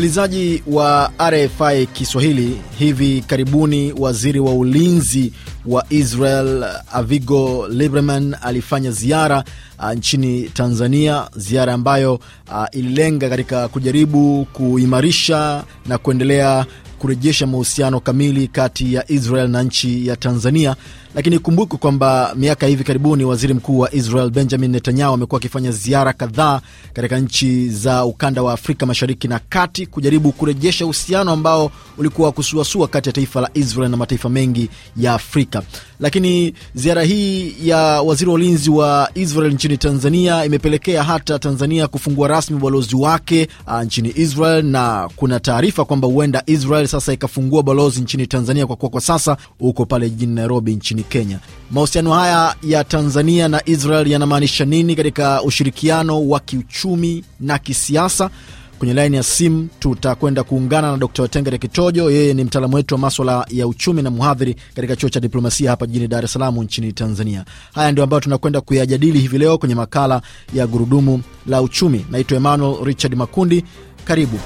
Msikilizaji wa RFI Kiswahili, hivi karibuni waziri wa ulinzi wa Israel Avigo Liberman alifanya ziara ah, nchini Tanzania, ziara ambayo uh, ililenga katika kujaribu kuimarisha na kuendelea kurejesha mahusiano kamili kati ya Israel na nchi ya Tanzania lakini kumbuke kwamba miaka hivi karibuni waziri mkuu wa Israel Benjamin Netanyahu amekuwa akifanya ziara kadhaa katika nchi za ukanda wa Afrika mashariki na kati kujaribu kurejesha uhusiano ambao ulikuwa wa kusuasua kati ya taifa la Israel na mataifa mengi ya Afrika. Lakini ziara hii ya waziri wa ulinzi wa Israel nchini Tanzania imepelekea hata Tanzania kufungua rasmi ubalozi wake a, uh, nchini Israel, na kuna taarifa kwamba huenda Israel sasa ikafungua balozi nchini Tanzania kwa kuwa kwa sasa huko pale jijini Nairobi nchini nchini Kenya. Mahusiano haya ya Tanzania na Israel yanamaanisha nini katika ushirikiano wa kiuchumi na kisiasa? Kwenye laini ya simu tutakwenda kuungana na Dr Tengere Kitojo. Yeye ni mtaalamu wetu wa maswala ya uchumi na mhadhiri katika chuo cha diplomasia hapa jijini Dar es Salaam nchini Tanzania. Haya ndio ambayo tunakwenda kuyajadili hivi leo kwenye makala ya Gurudumu la Uchumi. Naitwa Emmanuel Richard Makundi, karibu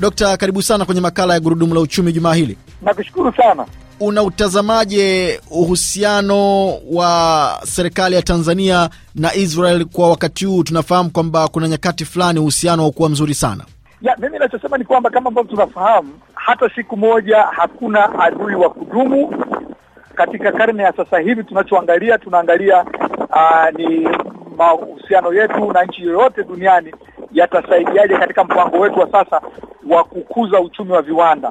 Dokta, karibu sana kwenye makala ya Gurudumu la Uchumi jumaa hili. Nakushukuru sana unautazamaje uhusiano wa serikali ya Tanzania na Israel kwa wakati huu? Tunafahamu kwamba kuna nyakati fulani uhusiano haukuwa mzuri sana. Ya, mimi nachosema ni kwamba kama ambavyo tunafahamu, hata siku moja hakuna adui wa kudumu katika karne ya sasa hivi. Tunachoangalia tunaangalia aa, ah, ni mahusiano yetu na nchi yoyote duniani yatasaidiaje katika mpango wetu wa sasa wa kukuza uchumi wa viwanda,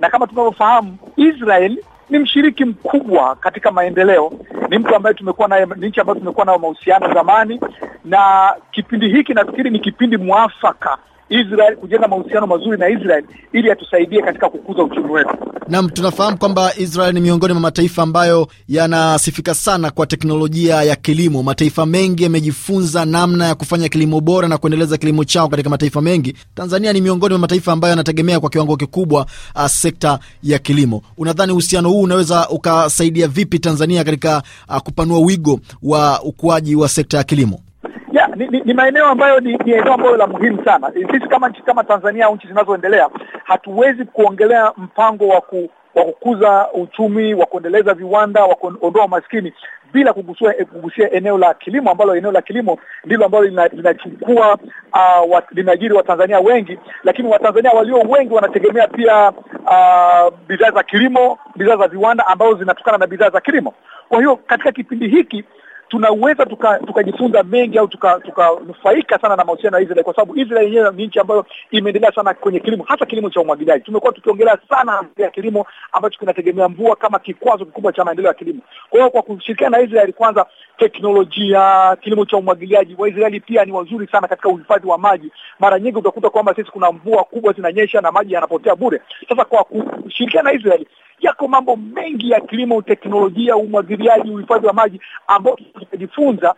na kama tunavyofahamu Israel ni mshiriki mkubwa katika maendeleo, ni mtu ambaye tumekuwa naye, ni nchi ambayo tumekuwa nayo mahusiano zamani, na kipindi hiki nafikiri ni kipindi mwafaka Israel, kujenga mahusiano mazuri na Israel ili atusaidie katika kukuza uchumi wetu. Naam, tunafahamu kwamba Israel ni miongoni mwa mataifa ambayo yanasifika sana kwa teknolojia ya kilimo. Mataifa mengi yamejifunza namna ya kufanya kilimo bora na kuendeleza kilimo chao katika mataifa mengi. Tanzania ni miongoni mwa mataifa ambayo yanategemea kwa kiwango kikubwa uh, sekta ya kilimo. Unadhani uhusiano huu unaweza ukasaidia vipi Tanzania katika uh, kupanua wigo wa ukuaji wa sekta ya kilimo? Yeah, ni, ni, ni maeneo ambayo ni, ni eneo ambayo la muhimu sana. Eh, sisi kama nchi kama Tanzania au nchi zinazoendelea hatuwezi kuongelea mpango wa ku wa kukuza uchumi wa kuendeleza viwanda wa kuondoa maskini bila kugusia, eh, kugusia eneo la kilimo ambalo eneo la kilimo ndilo ambalo linachukua uh, wa, linaajiri Watanzania wengi, lakini Watanzania walio wengi wanategemea pia uh, bidhaa za kilimo, bidhaa za viwanda ambazo zinatokana na bidhaa za kilimo. Kwa hiyo katika kipindi hiki tunaweza tukajifunza tuka mengi au tukanufaika tuka sana na mahusiano ya Israel, kwa sababu Israel yenyewe ni nchi ambayo imeendelea sana kwenye kilimo, hasa kilimo cha umwagiliaji. Tumekuwa tukiongelea sana ya kilimo ambacho kinategemea mvua kama kikwazo kikubwa cha maendeleo ya kilimo. Kwa hiyo kwa kushirikiana na Israel, kwanza teknolojia, kilimo cha umwagiliaji. Waisraeli pia ni wazuri sana katika uhifadhi wa maji. Mara nyingi utakuta kwamba sisi kuna mvua kubwa zinanyesha na maji yanapotea bure. Sasa kwa kushirikiana na Israel yako mambo mengi ya kilimo, teknolojia, umwagiliaji, uhifadhi wa maji ambao tunajifunza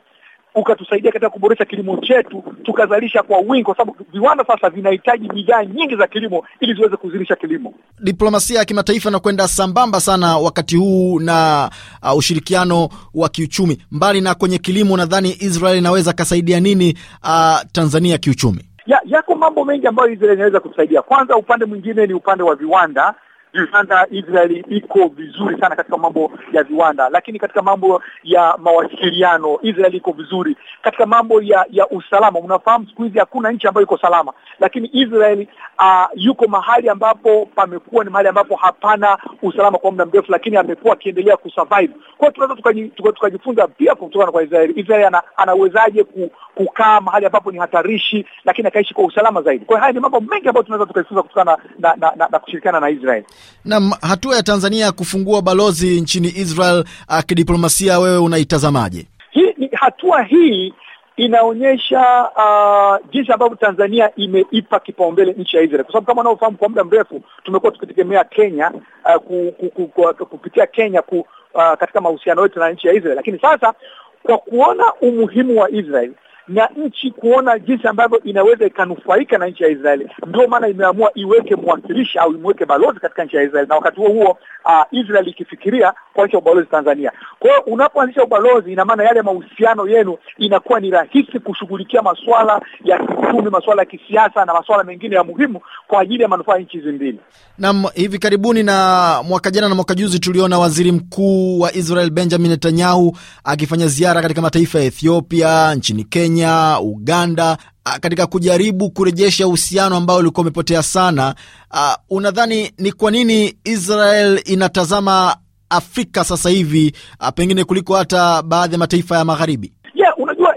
ukatusaidia katika kuboresha kilimo chetu tukazalisha kwa wingi, kwa sababu viwanda sasa vinahitaji bidhaa nyingi za kilimo ili ziweze kuzilisha kilimo. Diplomasia ya kimataifa inakwenda sambamba sana wakati huu na uh, ushirikiano wa kiuchumi. Mbali na kwenye kilimo, nadhani Israel inaweza kasaidia nini uh, Tanzania kiuchumi? Ya, yako mambo mengi ambayo Israel inaweza kutusaidia. Kwanza, upande mwingine ni upande wa viwanda Uganda, Israeli iko vizuri sana katika mambo ya viwanda, lakini katika mambo ya mawasiliano Israeli iko vizuri. Katika mambo ya ya usalama, unafahamu siku hizi hakuna nchi ambayo iko salama, lakini Israeli uh, ah, yuko mahali ambapo pamekuwa ni mahali ambapo hapana usalama kwa muda mrefu, lakini amekuwa akiendelea kusurvive. Kwa hiyo tunaweza tukajifunza tuka, tuka pia kutokana kwa Israeli. Israeli ana, anawezaje ku, kukaa mahali ambapo ni hatarishi, lakini akaishi kwa usalama zaidi. Kwa hiyo haya ni mambo mengi ambayo tunaweza tukajifunza kutokana na, na, na, na, na kushirikiana na Israeli. Nam, hatua ya Tanzania kufungua balozi nchini Israel uh, kidiplomasia, wewe unaitazamaje? Hii hatua hii inaonyesha uh, jinsi ambavyo Tanzania imeipa kipaumbele nchi ya Israel, kwa sababu kama unavyofahamu kwa muda mrefu tumekuwa tukitegemea Kenya uh, ku, ku, ku, ku, kupitia Kenya ku, uh, katika mahusiano yetu na nchi ya Israel, lakini sasa kwa kuona umuhimu wa Israel na nchi kuona jinsi ambavyo inaweza ikanufaika na nchi ya Israeli. Ndio maana imeamua iweke mwakilishi au imweke balozi katika nchi ya Israeli, na wakati huo huo uh, Israeli ikifikiria kuanzisha ubalozi Tanzania. Kwa hiyo unapoanzisha ubalozi, ina maana yale mahusiano yenu inakuwa ni rahisi kushughulikia masuala ya kiuchumi, masuala ya kisiasa na masuala mengine ya muhimu kwa ajili ya manufaa nchi hizi mbili. Naam, hivi karibuni na mwaka jana na mwaka juzi tuliona waziri mkuu wa Israel Benjamin Netanyahu akifanya ziara katika mataifa ya Ethiopia, nchini Kenya Kenya, Uganda katika kujaribu kurejesha uhusiano ambao ulikuwa umepotea sana. Uh, unadhani ni kwa nini Israel inatazama Afrika sasa hivi uh, pengine kuliko hata baadhi ya mataifa ya magharibi? Yeah, unajua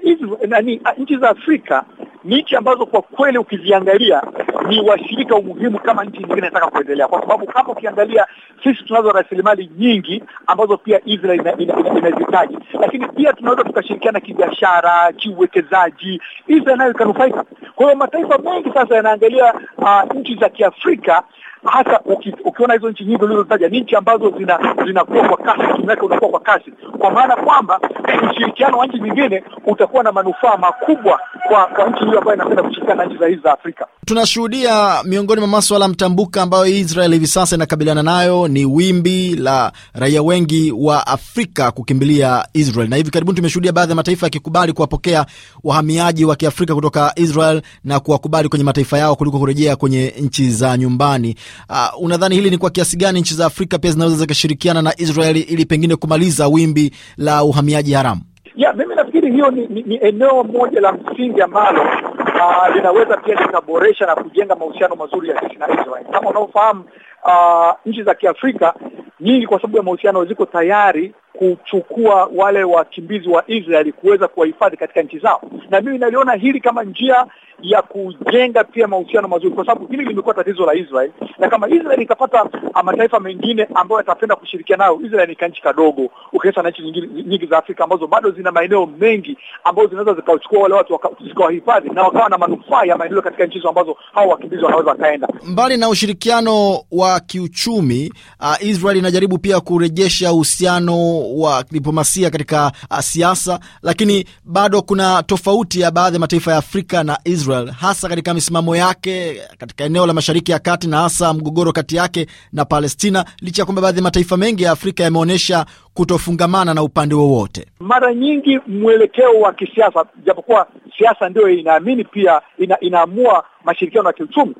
nchi za Afrika ni nchi ambazo kwa kweli ukiziangalia ni washirika umuhimu kama nchi nyingine inataka kuendelea, kwa sababu kama ukiangalia sisi tunazo rasilimali nyingi ambazo pia Israel inazihitaji lakini pia tunaweza tukashirikiana kibiashara, kiuwekezaji, Israel nayo ikanufaika. Kwa hiyo mataifa mengi sasa yanaangalia uh, nchi za Kiafrika hasa uki, ukiona hizo nchi nyingi ulizotaja ni nchi ambazo zinakuwa kwa kasi, uchumi wake unakuwa kwa kasi, kwa maana kwamba eh, ushirikiano wa nchi nyingine utakuwa na manufaa makubwa kwa, kwa nchi hiyo ambayo inapenda kushirikiana na nchi za hizi za Afrika. Tunashuhudia miongoni mwa maswala mtambuka ambayo Israel hivi sasa inakabiliana nayo ni wimbi la raia wengi wa Afrika kukimbilia Israel, na hivi karibuni tumeshuhudia baadhi ya mataifa yakikubali kuwapokea wahamiaji wa Kiafrika kutoka Israel na kuwakubali kwenye mataifa yao kuliko kurejea kwenye nchi za nyumbani. Uh, unadhani hili ni kwa kiasi gani nchi za Afrika pia zinaweza zikashirikiana na Israeli ili pengine kumaliza wimbi la uhamiaji haramu? Ya, mimi nafikiri hiyo ni, ni, ni eneo moja la msingi ambalo uh, linaweza pia likaboresha na kujenga mahusiano mazuri ya nchi na Israel. Kama unaofahamu uh, nchi za Kiafrika nyingi kwa sababu ya mahusiano ziko tayari kuchukua wale wakimbizi wa Israeli kuweza kuwahifadhi katika nchi zao, na mimi naliona hili kama njia ya kujenga pia mahusiano mazuri, kwa sababu hili limekuwa tatizo la Israel, na kama Israel ikapata ah, mataifa mengine ambayo yatapenda kushirikiana nayo, Israel ni kanchi kadogo ukiacha na nchi nyingi za Afrika ambazo bado zina maeneo mengi ambayo zinaweza zikawachukua wale watu zikawahifadhi na wakawa na manufaa ya maendeleo katika nchi hizo ambazo hao wakimbizi wanaweza wakaenda. Mbali na ushirikiano wa kiuchumi uh, Israel inajaribu pia kurejesha uhusiano wa diplomasia katika uh, siasa, lakini bado kuna tofauti ya baadhi ya mataifa ya Afrika na Israel, hasa katika misimamo yake katika eneo la Mashariki ya Kati na hasa mgogoro kati yake na Palestina, licha ya kwamba baadhi ya mataifa mengi ya Afrika yameonyesha kutofungamana na upande wowote. Mara nyingi mwelekeo wa kisiasa, japokuwa siasa ndio inaamini pia ina, inaamua mashirikiano ya kiuchumi,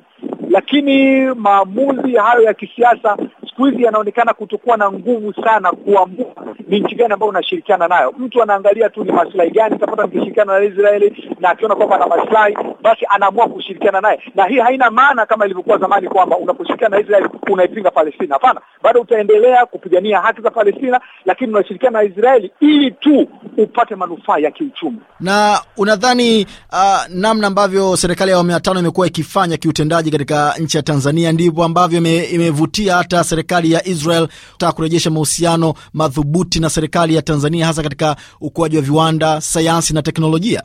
lakini maamuzi hayo ya kisiasa siku hizi yanaonekana kutokuwa na nguvu sana kuamua ni nchi gani ambayo unashirikiana nayo. Mtu anaangalia tu ni maslahi gani utapata nikishirikiana na Israeli, na akiona kwamba ana maslahi basi anaamua kushirikiana naye, na hii haina maana kama ilivyokuwa zamani kwamba unaposhirikiana na Israeli unaipinga Palestina. Hapana, bado utaendelea kupigania haki za Palestina, lakini unashirikiana na Israeli ili tu upate manufaa ya kiuchumi. Na unadhani uh, namna ambavyo serikali ya awamu ya tano imekuwa ikifanya kiutendaji katika nchi ya Tanzania ndivyo ambavyo imevutia ime hata serikali ya Israel kutaka kurejesha mahusiano madhubuti na serikali ya Tanzania hasa katika ukuaji wa viwanda, sayansi na teknolojia?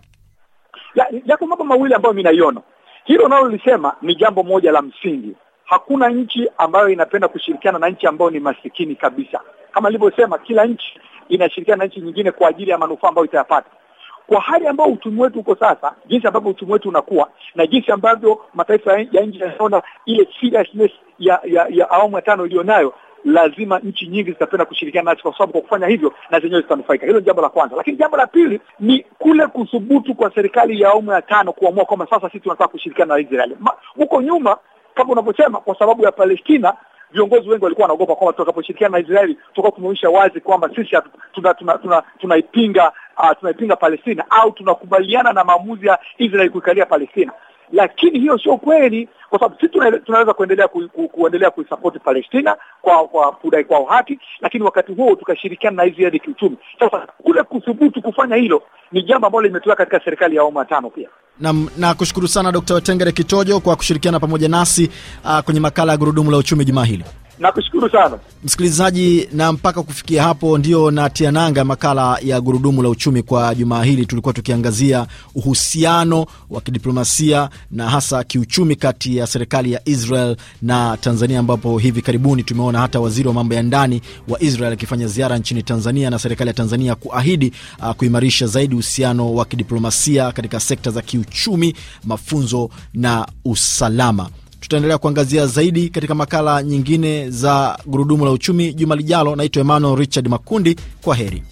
yako mambo mawili ambayo mimi naiona. Hilo nalo lisema ni jambo moja la msingi. Hakuna nchi ambayo inapenda kushirikiana na nchi ambayo ni masikini kabisa. Kama ilivyosema kila nchi inashirikiana na nchi nyingine kwa ajili ya manufaa ambayo itayapata. Kwa hali ambayo uchumi wetu uko sasa, jinsi ambavyo uchumi wetu unakuwa na jinsi ambavyo mataifa ya nje yanaona ile seriousness ya, ya, ya awamu ya tano iliyonayo lazima nchi nyingi zitapenda kushirikiana nasi, kwa sababu kwa kufanya hivyo na zenyewe zitanufaika. Hilo ni jambo la kwanza, lakini jambo la pili ni kule kuthubutu kwa serikali ya awamu ya tano kuamua kwamba sasa sisi tunataka kushirikiana na Israeli. Huko nyuma kama unavyosema, kwa sababu ya Palestina viongozi wengi walikuwa wanaogopa kwamba tutakaposhirikiana na Israeli tutakuwa tumeonyesha wazi kwamba sisi tunaipinga tuna, tuna, tuna, tuna uh, ah, tunaipinga Palestina au tunakubaliana na maamuzi ya Israeli kuikalia Palestina lakini hiyo sio kweli, kwa sababu sisi tunaweza kuendelea ku, ku, kuendelea kuisapoti Palestina kwa kwa kudai kwao haki, lakini wakati huo tukashirikiana na Israeli kiuchumi. Sasa kule kuthubutu kufanya hilo ni jambo ambalo limetoka katika serikali ya awamu ya tano pia. Nam, nakushukuru sana dr tengere Kitojo kwa kushirikiana pamoja nasi uh, kwenye makala ya gurudumu la uchumi jumaa hili. Nakushukuru sana msikilizaji, na mpaka kufikia hapo ndio natia nanga makala ya gurudumu la uchumi kwa jumaa hili. Tulikuwa tukiangazia uhusiano wa kidiplomasia na hasa kiuchumi kati ya serikali ya Israel na Tanzania, ambapo hivi karibuni tumeona hata waziri wa mambo ya ndani wa Israel akifanya ziara nchini Tanzania na serikali ya Tanzania kuahidi uh, kuimarisha zaidi uhusiano wa kidiplomasia katika sekta za kiuchumi, mafunzo na usalama tutaendelea kuangazia zaidi katika makala nyingine za gurudumu la uchumi juma lijalo. Naitwa Emmanuel Richard Makundi, kwa heri.